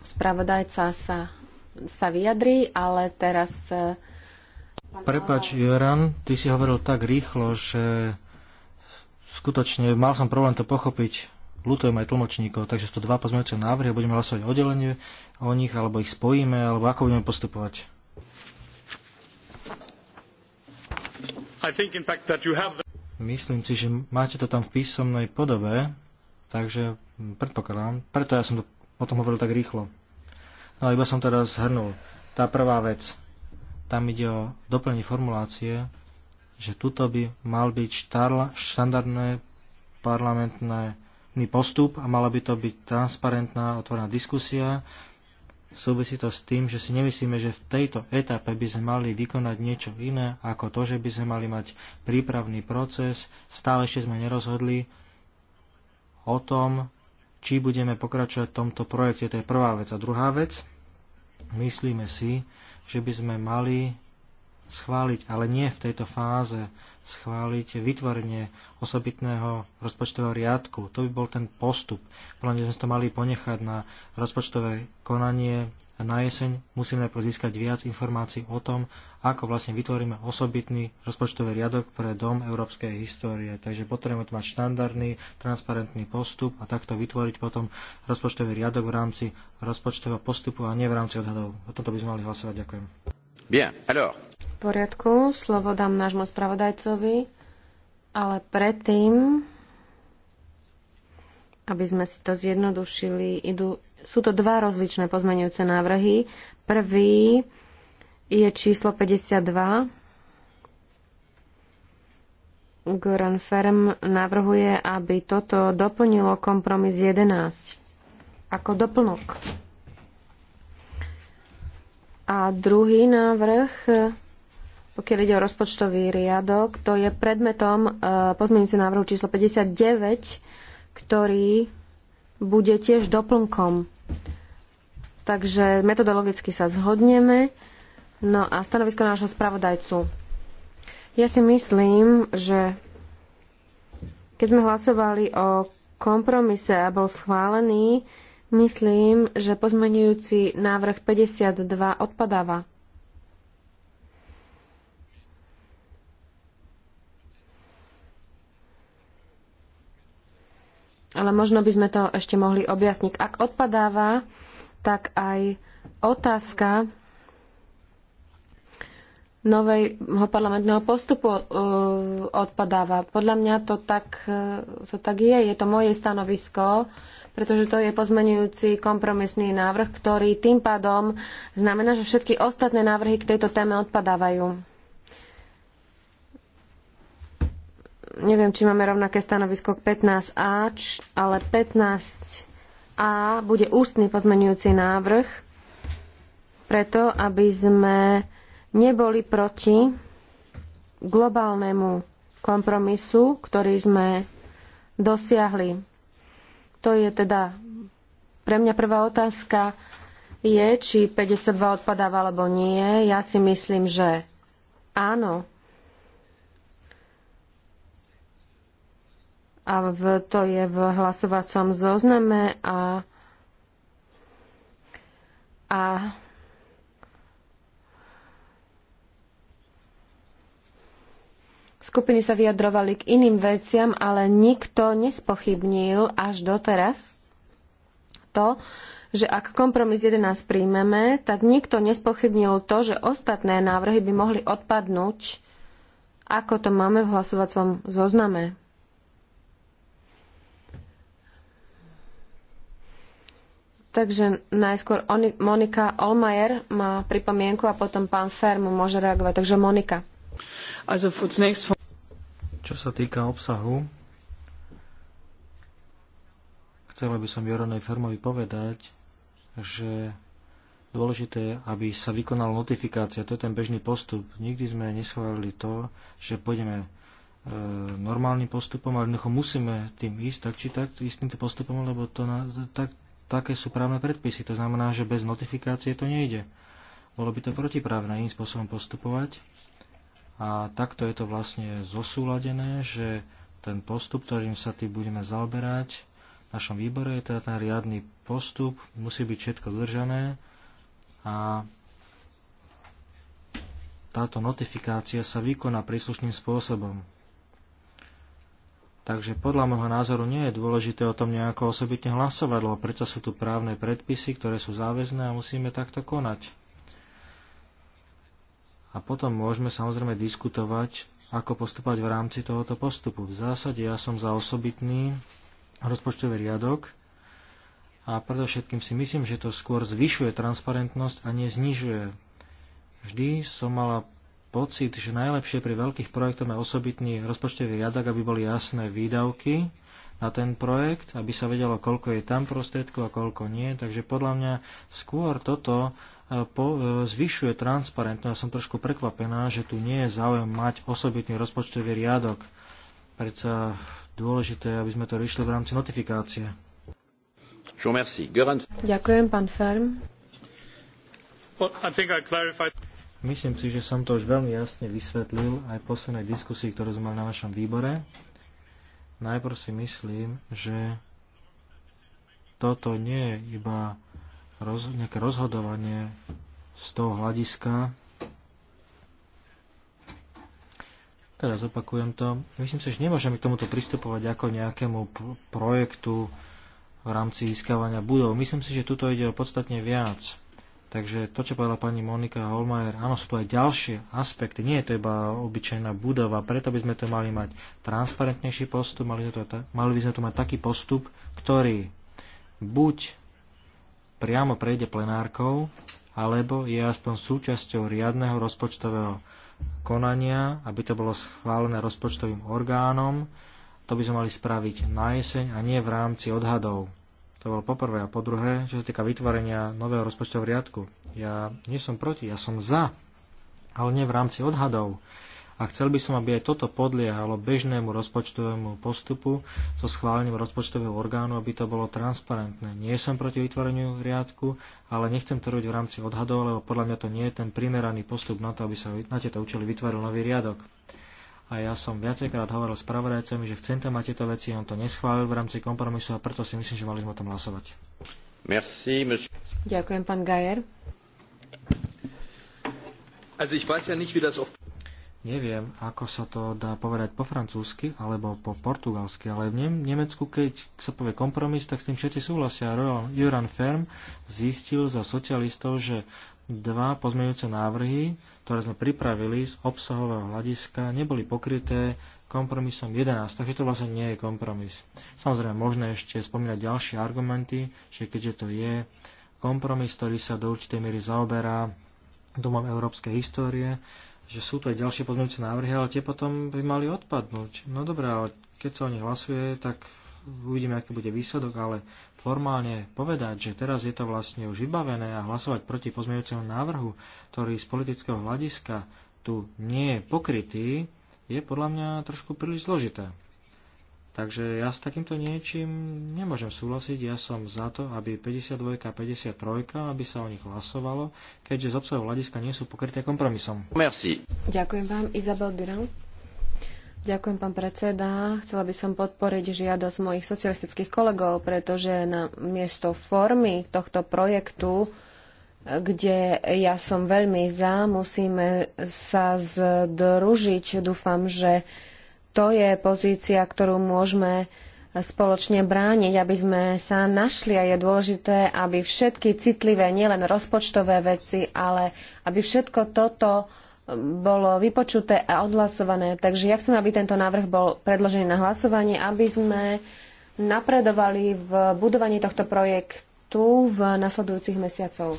Spravodajca sa sa vyjadrí, ale teraz... E, Prepač, Joran, ty si hovoril tak rýchlo, že skutočne mal som problém to pochopiť. Lutujem aj tlmočníkov, takže sú to dva pozmeňujúce návrhy, budeme hlasovať oddelenie o nich, alebo ich spojíme, alebo ako budeme postupovať. Have... Myslím si, že máte to tam v písomnej podobe, takže predpokladám, preto ja som to o tom hovoril tak rýchlo. No iba som teraz zhrnul. Tá prvá vec, tam ide o doplnenie formulácie, že tuto by mal byť štárla, štandardné parlamentný postup a mala by to byť transparentná, otvorená diskusia. Súvisí to s tým, že si nemyslíme, že v tejto etape by sme mali vykonať niečo iné, ako to, že by sme mali mať prípravný proces. Stále ešte sme nerozhodli o tom, či budeme pokračovať v tomto projekte. To je prvá vec. A druhá vec, myslíme si, že by sme mali schváliť, ale nie v tejto fáze schváliť vytvorenie osobitného rozpočtového riadku. To by bol ten postup. Podľa mňa sme to mali ponechať na rozpočtové konanie a na jeseň musíme najprv získať viac informácií o tom, ako vlastne vytvoríme osobitný rozpočtový riadok pre Dom európskej histórie. Takže potrebujeme tu mať štandardný, transparentný postup a takto vytvoriť potom rozpočtový riadok v rámci rozpočtového postupu a nie v rámci odhadov. O tomto by sme mali hlasovať. Ďakujem. V poriadku, slovo dám nášmu spravodajcovi, ale predtým, aby sme si to zjednodušili, idú, sú to dva rozličné pozmeňujúce návrhy. Prvý je číslo 52. Goran Ferm navrhuje, aby toto doplnilo kompromis 11 ako doplnok. A druhý návrh, pokiaľ ide o rozpočtový riadok, to je predmetom e, pozmeňujúceho návrhu číslo 59, ktorý bude tiež doplnkom. Takže metodologicky sa zhodneme. No a stanovisko nášho spravodajcu. Ja si myslím, že keď sme hlasovali o kompromise a bol schválený, Myslím, že pozmenujúci návrh 52 odpadáva. Ale možno by sme to ešte mohli objasniť. Ak odpadáva, tak aj otázka nového parlamentného postupu uh, odpadáva. Podľa mňa to tak, uh, to tak je. Je to moje stanovisko, pretože to je pozmenujúci kompromisný návrh, ktorý tým pádom znamená, že všetky ostatné návrhy k tejto téme odpadávajú. Neviem, či máme rovnaké stanovisko k 15a, ale 15a bude ústny pozmenujúci návrh preto, aby sme neboli proti globálnemu kompromisu, ktorý sme dosiahli. To je teda pre mňa prvá otázka je, či 52 odpadáva alebo nie. Ja si myslím, že áno. A v, to je v hlasovacom zozname a, a skupiny sa vyjadrovali k iným veciam, ale nikto nespochybnil až doteraz to, že ak kompromis 11 príjmeme, tak nikto nespochybnil to, že ostatné návrhy by mohli odpadnúť, ako to máme v hlasovacom zozname. Takže najskôr Monika Olmajer má pripomienku a potom pán Ferm môže reagovať. Takže Monika. Also zunächst čo sa týka obsahu, chcel by som Joranej Fermovi povedať, že dôležité je, aby sa vykonala notifikácia. To je ten bežný postup. Nikdy sme neschválili to, že pôjdeme e, normálnym postupom, ale jednoducho musíme tým ísť tak či tak istým postupom, lebo to na, tak, také sú právne predpisy. To znamená, že bez notifikácie to nejde. Bolo by to protiprávne iným spôsobom postupovať. A takto je to vlastne zosúladené, že ten postup, ktorým sa tým budeme zaoberať v našom výbore, je teda ten riadny postup, musí byť všetko dodržané a táto notifikácia sa vykoná príslušným spôsobom. Takže podľa môjho názoru nie je dôležité o tom nejako osobitne hlasovať, lebo predsa sú tu právne predpisy, ktoré sú záväzné a musíme takto konať. A potom môžeme samozrejme diskutovať, ako postupovať v rámci tohoto postupu. V zásade ja som za osobitný rozpočtový riadok a predovšetkým si myslím, že to skôr zvyšuje transparentnosť a neznižuje. Vždy som mala pocit, že najlepšie pri veľkých projektoch je osobitný rozpočtový riadok, aby boli jasné výdavky na ten projekt, aby sa vedelo, koľko je tam prostriedkov a koľko nie. Takže podľa mňa skôr toto E, zvyšuje transparentnosť. Ja som trošku prekvapená, že tu nie je záujem mať osobitný rozpočtový riadok. Predsa dôležité, aby sme to riešili v rámci notifikácie. Ďakujem, pán Ferm. Myslím si, že som to už veľmi jasne vysvetlil aj v poslednej diskusii, ktorú sme mali na našom výbore. Najprv si myslím, že toto nie je iba roz, nejaké rozhodovanie z toho hľadiska. Teraz opakujem to. Myslím si, že nemôžeme k tomuto pristupovať ako nejakému projektu v rámci získavania budov. Myslím si, že tuto ide o podstatne viac. Takže to, čo povedala pani Monika Holmajer, áno, sú tu aj ďalšie aspekty. Nie je to iba obyčajná budova, preto by sme to mali mať transparentnejší postup, mali by sme to mať taký postup, ktorý buď priamo prejde plenárkou, alebo je aspoň súčasťou riadneho rozpočtového konania, aby to bolo schválené rozpočtovým orgánom. To by sme mali spraviť na jeseň a nie v rámci odhadov. To bolo poprvé. A po druhé, čo sa týka vytvorenia nového rozpočtového riadku. Ja nie som proti, ja som za, ale nie v rámci odhadov a chcel by som, aby aj toto podliehalo bežnému rozpočtovému postupu so schválením rozpočtového orgánu, aby to bolo transparentné. Nie som proti vytvoreniu riadku, ale nechcem to robiť v rámci odhadov, lebo podľa mňa to nie je ten primeraný postup na to, aby sa na tieto účely vytvoril nový riadok. A ja som viacejkrát hovoril s pravodajcami, že chcem tam mať tieto veci, on to neschválil v rámci kompromisu a preto si myslím, že mali sme o tom hlasovať. Merci, monsieur. Ďakujem, pán Gajer. Also ich weiß ja nicht, wie das auf neviem, ako sa to dá povedať po francúzsky alebo po portugalsky, ale v Nemecku, keď sa povie kompromis, tak s tým všetci súhlasia. Joran Ferm zistil za socialistov, že dva pozmeňujúce návrhy, ktoré sme pripravili z obsahového hľadiska, neboli pokryté kompromisom 11, takže to vlastne nie je kompromis. Samozrejme, možné ešte spomínať ďalšie argumenty, že keďže to je kompromis, ktorý sa do určitej miery zaoberá domom európskej histórie, že sú tu aj ďalšie podmienujúce návrhy, ale tie potom by mali odpadnúť. No dobré, ale keď sa o nich hlasuje, tak uvidíme, aký bude výsledok, ale formálne povedať, že teraz je to vlastne už vybavené a hlasovať proti pozmeňujúcemu návrhu, ktorý z politického hľadiska tu nie je pokrytý, je podľa mňa trošku príliš zložité. Takže ja s takýmto niečím nemôžem súhlasiť. Ja som za to, aby 52 a 53, aby sa o nich hlasovalo, keďže z obsahu hľadiska nie sú pokryté kompromisom. Merci. Ďakujem vám, Izabel Durand. Ďakujem, pán predseda. Chcela by som podporiť žiadosť mojich socialistických kolegov, pretože na miesto formy tohto projektu, kde ja som veľmi za, musíme sa združiť. Dúfam, že to je pozícia, ktorú môžeme spoločne brániť, aby sme sa našli a je dôležité, aby všetky citlivé, nielen rozpočtové veci, ale aby všetko toto bolo vypočuté a odhlasované. Takže ja chcem, aby tento návrh bol predložený na hlasovanie, aby sme napredovali v budovaní tohto projektu v nasledujúcich mesiacoch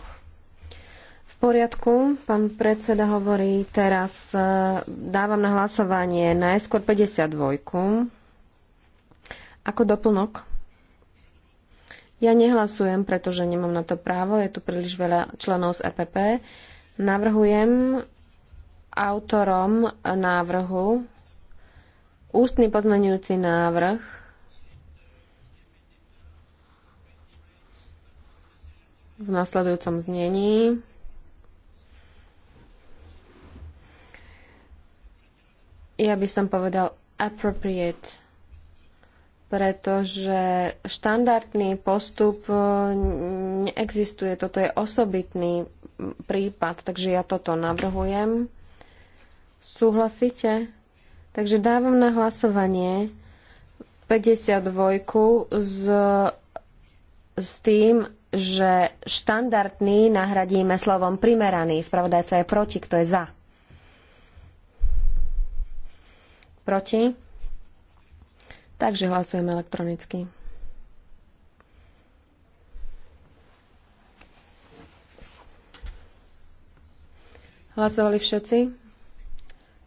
poriadku, pán predseda hovorí teraz, e, dávam na hlasovanie najskôr 52 ako doplnok. Ja nehlasujem, pretože nemám na to právo, je tu príliš veľa členov z EPP. Navrhujem autorom návrhu ústny pozmenujúci návrh v nasledujúcom znení ja by som povedal appropriate, pretože štandardný postup e, neexistuje. Toto je osobitný prípad, takže ja toto navrhujem. Súhlasíte? Takže dávam na hlasovanie 52 s, s tým, že štandardný nahradíme slovom primeraný. Spravodajca je proti, kto je za. Proti? Takže hlasujeme elektronicky. Hlasovali všetci?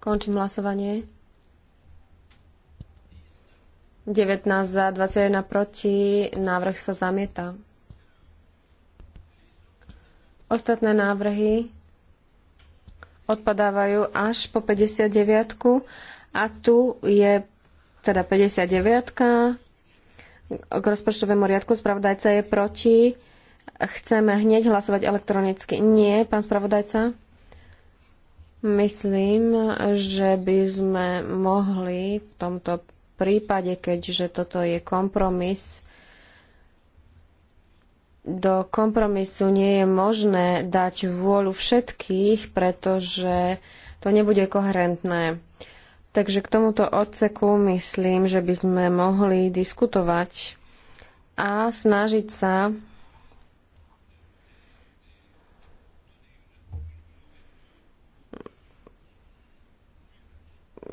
Končím hlasovanie. 19 za, 21 proti. Návrh sa zamieta. Ostatné návrhy odpadávajú až po 59. A tu je teda 59 k rozpočtovému riadku. Spravodajca je proti. Chceme hneď hlasovať elektronicky. Nie, pán spravodajca? Myslím, že by sme mohli v tomto prípade, keďže toto je kompromis, do kompromisu nie je možné dať vôľu všetkých, pretože to nebude koherentné. Takže k tomuto odseku myslím, že by sme mohli diskutovať a snažiť sa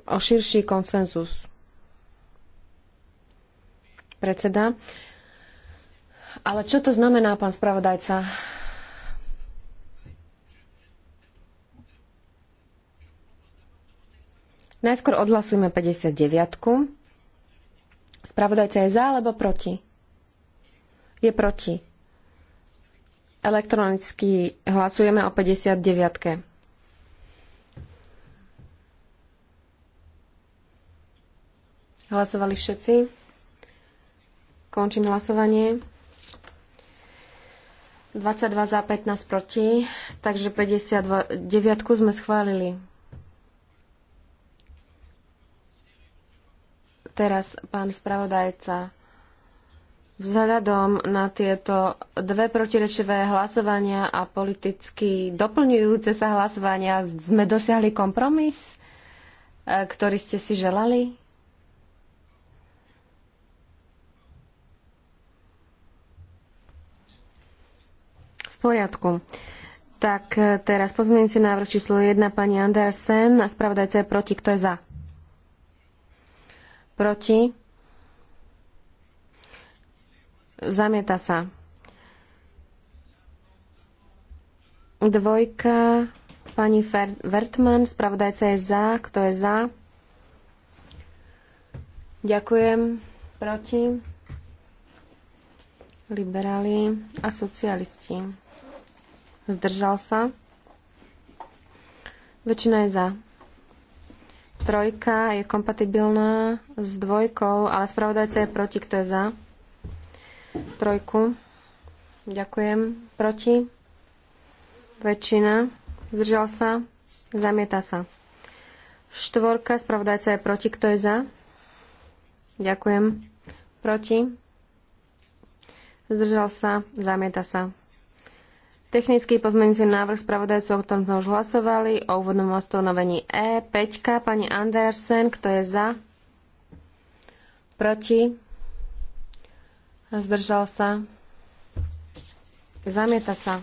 o širší konsenzus. Predseda. Ale čo to znamená, pán spravodajca? Najskôr odhlasujme 59. Spravodajca je za alebo proti? Je proti. Elektronicky hlasujeme o 59. Hlasovali všetci? Končím hlasovanie. 22 za 15 proti, takže 59 sme schválili. Teraz, pán spravodajca, vzhľadom na tieto dve protirečivé hlasovania a politicky doplňujúce sa hlasovania sme dosiahli kompromis, e, ktorý ste si želali? V poriadku. Tak e, teraz pozmeňujúci návrh číslo 1, pani Andersen. Spravodajca je proti. Kto je za? proti, zamieta sa. Dvojka, pani Vertman, spravodajca je za, kto je za? Ďakujem, proti, liberáli a socialisti. Zdržal sa. Väčšina je za. Trojka je kompatibilná s dvojkou, ale spravodajca je proti. Kto je za? Trojku. Ďakujem. Proti? Väčšina. Zdržal sa? Zamieta sa. Štvorka. Spravodajca je proti. Kto je za? Ďakujem. Proti? Zdržal sa? Zamieta sa. Technický pozmeňujúci návrh spravodajcu, o ktorom sme už hlasovali, o úvodnom ustanovení E. 5. Pani Andersen, kto je za? Proti? Zdržal sa? Zamieta sa.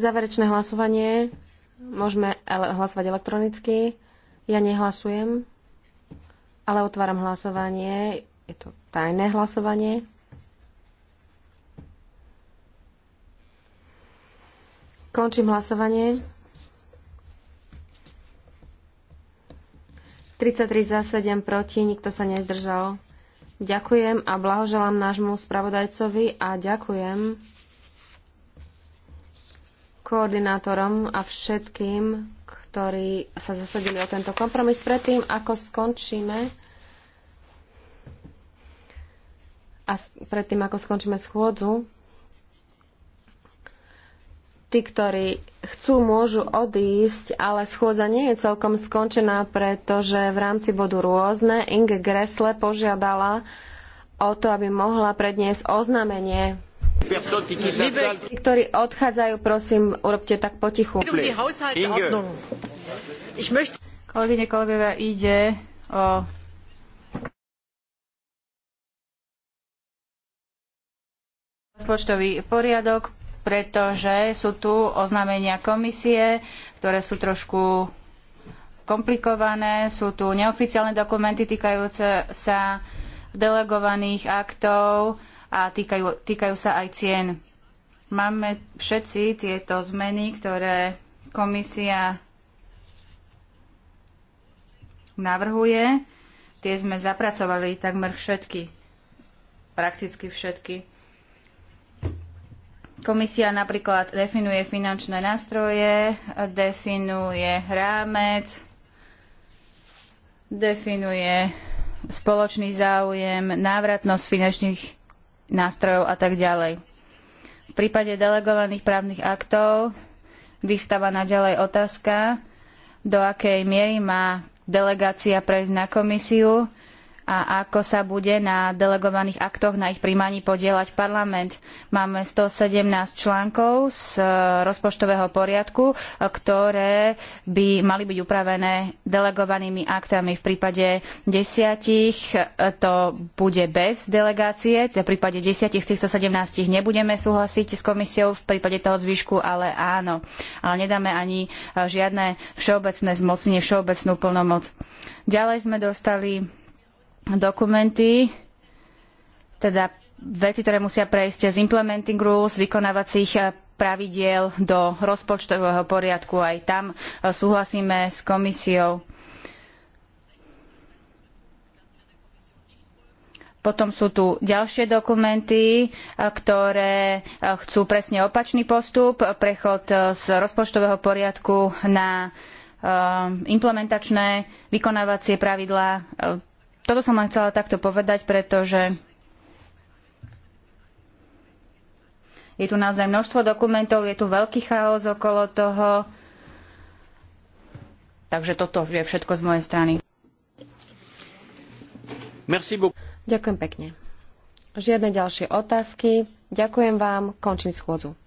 Záverečné hlasovanie. Môžeme ele- hlasovať elektronicky. Ja nehlasujem, ale otváram hlasovanie. Je to tajné hlasovanie. Končím hlasovanie. 33 za 7 proti, nikto sa nezdržal. Ďakujem a blahoželám nášmu spravodajcovi a ďakujem koordinátorom a všetkým, ktorí sa zasadili o tento kompromis predtým, ako skončíme a predtým, ako skončíme schôdzu. Tí, ktorí chcú, môžu odísť, ale schôdza nie je celkom skončená, pretože v rámci bodu rôzne Inge Gressle požiadala o to, aby mohla predniesť oznámenie Tí, ktorí odchádzajú, prosím, urobte tak potichu. Um Kolegyne, kolegovia, ide o rozpočtový poriadok pretože sú tu oznámenia komisie, ktoré sú trošku komplikované, sú tu neoficiálne dokumenty týkajúce sa delegovaných aktov a týkajú, týkajú sa aj cien. Máme všetci tieto zmeny, ktoré komisia navrhuje. Tie sme zapracovali takmer všetky, prakticky všetky. Komisia napríklad definuje finančné nástroje, definuje rámec, definuje spoločný záujem, návratnosť finančných nástrojov a tak ďalej. V prípade delegovaných právnych aktov vystáva naďalej otázka, do akej miery má delegácia prejsť na komisiu a ako sa bude na delegovaných aktoch na ich príjmaní podielať parlament. Máme 117 článkov z e, rozpočtového poriadku, e, ktoré by mali byť upravené delegovanými aktami. V prípade desiatich e, to bude bez delegácie, v prípade desiatich z týchto 17 nebudeme súhlasiť s komisiou, v prípade toho zvyšku ale áno. Ale nedáme ani žiadne všeobecné zmocnenie, všeobecnú plnomoc. Ďalej sme dostali dokumenty, teda veci, ktoré musia prejsť z implementing rules, vykonávacích eh, pravidiel do rozpočtového poriadku. Aj tam eh, súhlasíme s komisiou. Potom sú tu ďalšie dokumenty, eh, ktoré chcú presne opačný postup, prechod z rozpočtového poriadku na implementačné vykonávacie pravidlá toto som len chcela takto povedať, pretože je tu naozaj množstvo dokumentov, je tu veľký chaos okolo toho. Takže toto je všetko z mojej strany. Merci beaucoup. Ďakujem pekne. Žiadne ďalšie otázky. Ďakujem vám. Končím schôdzu.